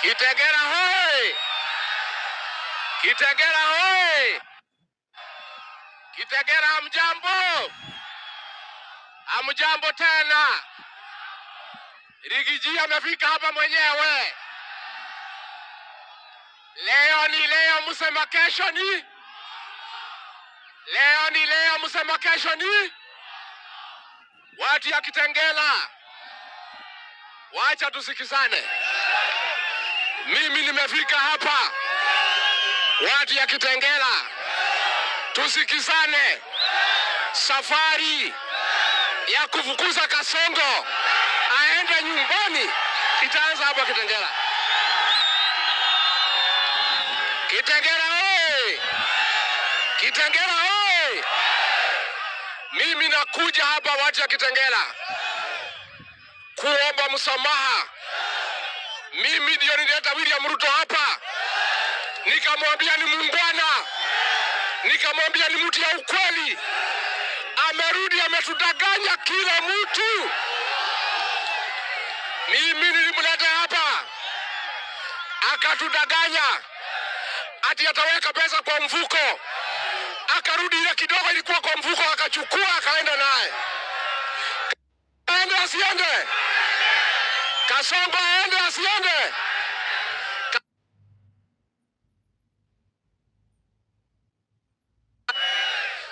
Kitegera hoi! Kitegera hoi! Kitegera amjambo, amjambo tena. Rigiji amefika hapa mwenyewe. Leo ni leo, msema kesho ni leo, ni leo, msema kesho ni watu ya Kitengela. Wacha tusikizane. Mimi nimefika hapa wati ya Kitengela, tusikizane. Safari ya kufukuza Kasongo aende nyumbani itaanza hapa Kitengela. Kitengela oye! Kitengela oye! Mimi nakuja hapa wati ya Kitengela kuomba msamaha mimi ndio nilileta William Ruto hapa, nikamwambia ni muungwana, nikamwambia ni mtu ya ukweli. Amerudi ametudanganya kila mtu. Mimi nilimleta hapa akatudanganya ati ataweka pesa kwa mfuko, akarudi ile kidogo ilikuwa kwa mfuko, akachukua akaenda naye, aende asiende. Sonko aende asiende?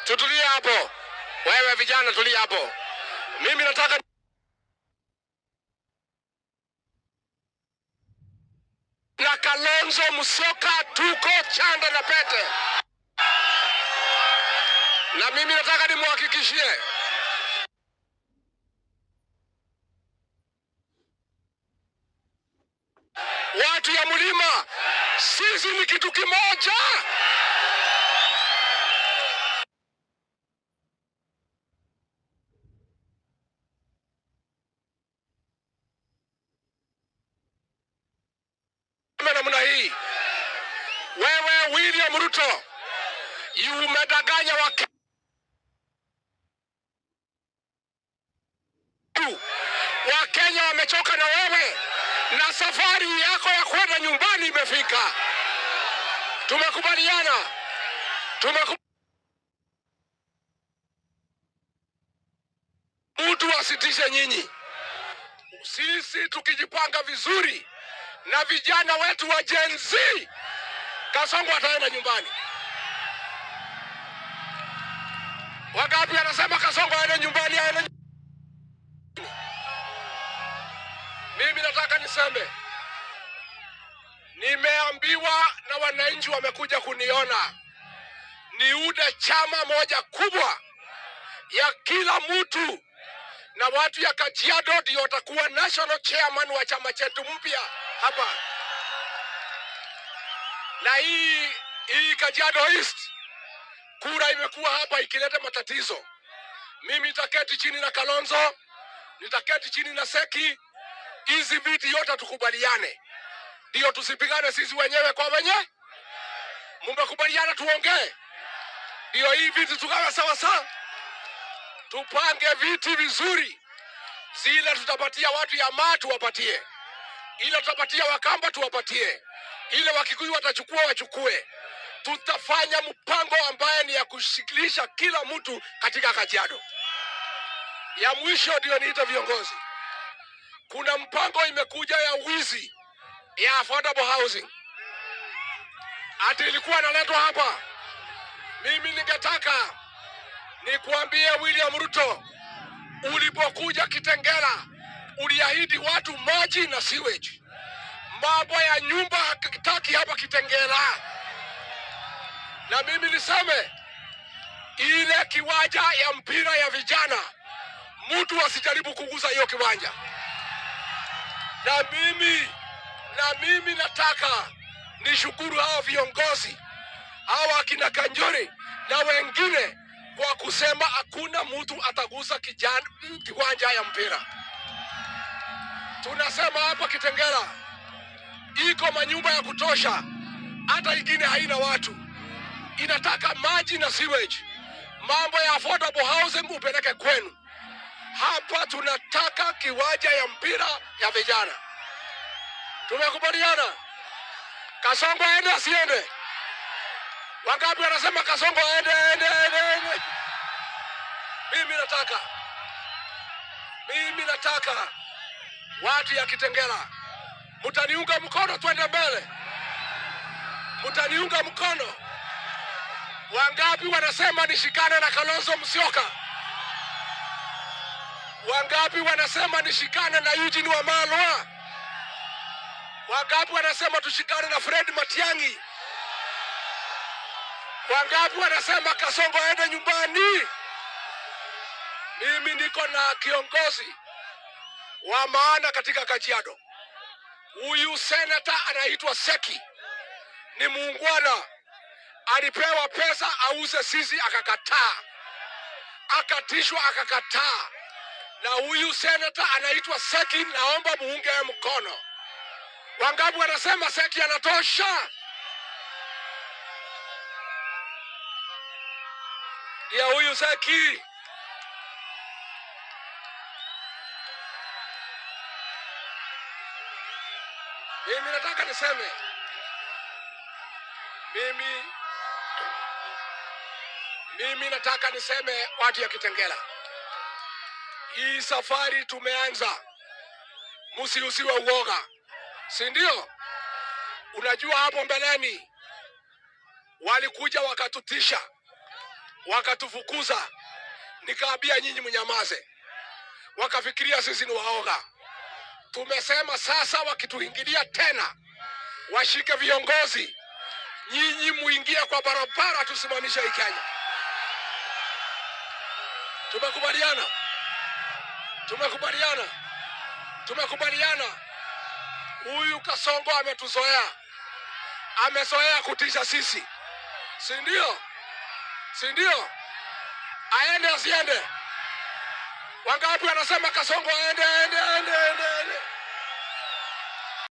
Tutulie hapo, wewe vijana, tulia hapo. Mimi nataka na Kalonzo Musyoka, tuko chanda na pete, na mimi nataka nimuhakikishie yetu ya mlima, sisi ni kitu kimoja. Namna hii wewe William Ruto umedanganya wa Wakenya wamechoka na wewe na safari yako ya kwenda nyumbani imefika. Tumekubaliana, tumekubaliana. Mtu asitishe nyinyi, sisi tukijipanga vizuri na vijana wetu wa Gen Z, Kasongo ataenda nyumbani. Wangapi anasema Kasongo aende nyumbani, aende Mimi nataka niseme, nimeambiwa na wananchi wamekuja kuniona, niunde chama moja kubwa ya kila mtu na watu ya Kajiado ndio watakuwa national chairman wa chama chetu mpya hapa, na hii hii Kajiado East kura imekuwa hapa ikileta matatizo. Mimi nitaketi chini na Kalonzo, nitaketi chini na Seki hizi miti yote tukubaliane, ndiyo tusipigane sisi wenyewe kwa wenyewe. Mumekubaliana tuongee, ndiyo hii viti tukawa sawa sawa, tupange viti vizuri. Zile tutapatia watu ya maa tuwapatie, ile tutapatia Wakamba tuwapatie, ile Wakikuyu watachukua wachukue. Tutafanya mpango ambaye ni ya kushikilisha kila mtu katika Kajiado. Ya mwisho ndiyo niita viongozi kuna mpango imekuja ya wizi ya affordable housing, ati ilikuwa naletwa hapa. Mimi ningetaka nikuambie William Ruto, ulipokuja Kitengela uliahidi watu maji na sewage. Mambo ya nyumba hakitaki hapa Kitengela. Na mimi niseme ile kiwanja ya mpira ya vijana, mtu asijaribu kuguza hiyo kiwanja na mimi na mimi nataka nishukuru hawa viongozi hao akina Kanjuri na wengine kwa kusema hakuna mtu atagusa kijana kiwanja ya mpira. Tunasema hapa Kitengela iko manyumba ya kutosha, hata ingine haina watu, inataka maji na sewage, mambo ya affordable housing upeleke kwenu. Hapa tunataka kiwanja ya mpira ya vijana. Tumekubaliana. Kasongo aende asiende? Wangapi wanasema Kasongo aende aende aende? aende. Mimi nataka mimi nataka watu ya Kitengela, mtaniunga mkono, twende mbele, mtaniunga mkono. Wangapi wanasema nishikane na Kalonzo Musyoka? Wangapi wanasema nishikane na Eugene Wamalwa? Wangapi wanasema tushikane na Fred Matiang'i? Wangapi wanasema Kasongo aende nyumbani? Mimi niko na kiongozi wa maana katika Kajiado. Huyu senata anaitwa Seki, ni muungwana. Alipewa pesa auze sisi, akakataa. Akatishwa, akakataa na huyu senata anaitwa Seki, naomba muunge mkono. Wangapi wanasema Seki anatosha? ya huyu Seki. Mimi nataka niseme mimi, mimi nataka niseme watu ya Kitengela hii safari tumeanza, msiusiwe uoga, si ndio? Unajua, hapo mbeleni walikuja wakatutisha, wakatufukuza, nikaambia nyinyi mnyamaze, wakafikiria sisi ni waoga. Tumesema sasa wakituingilia tena, washike viongozi, nyinyi muingie kwa barabara, tusimamishe hii Kenya. Tumekubaliana. Tumekubaliana, tumekubaliana. Huyu Kasongo ametuzoea, amezoea kutisha sisi, si ndio? Si ndio? Aende asiende? Wangapi wanasema Kasongo aende, aende, aende, aende, aende.